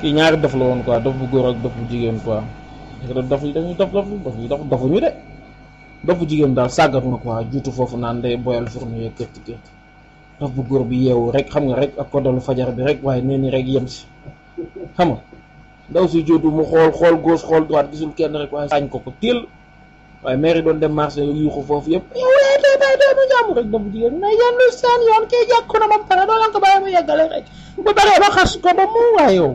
kii ñaari dof la woon quoi dof bu góor ak dof bu jigéen ko dof yi dañuy dof dof dof yi dof dofuñu bu jigéen daal sàggat na quoi juutu foofu naan day boyal fourni yeeg kërti bu góor bi yeewu rek xam nga rek ak ko koddalu fajar bi rek waaye nee rek yem si xam nga ndaw si jootu mu xool xool gauche xool droite gisul kenn rek waaye saañ ko ko téel waaye maire doon dem marché yuuxu foofu yëpp yow lee tey bàyyi doonu jàmm rek dof bu jigéen na yenn seen yoon kii jàkku na ba mu pare doo leen ko bàyyi mu yeggale yow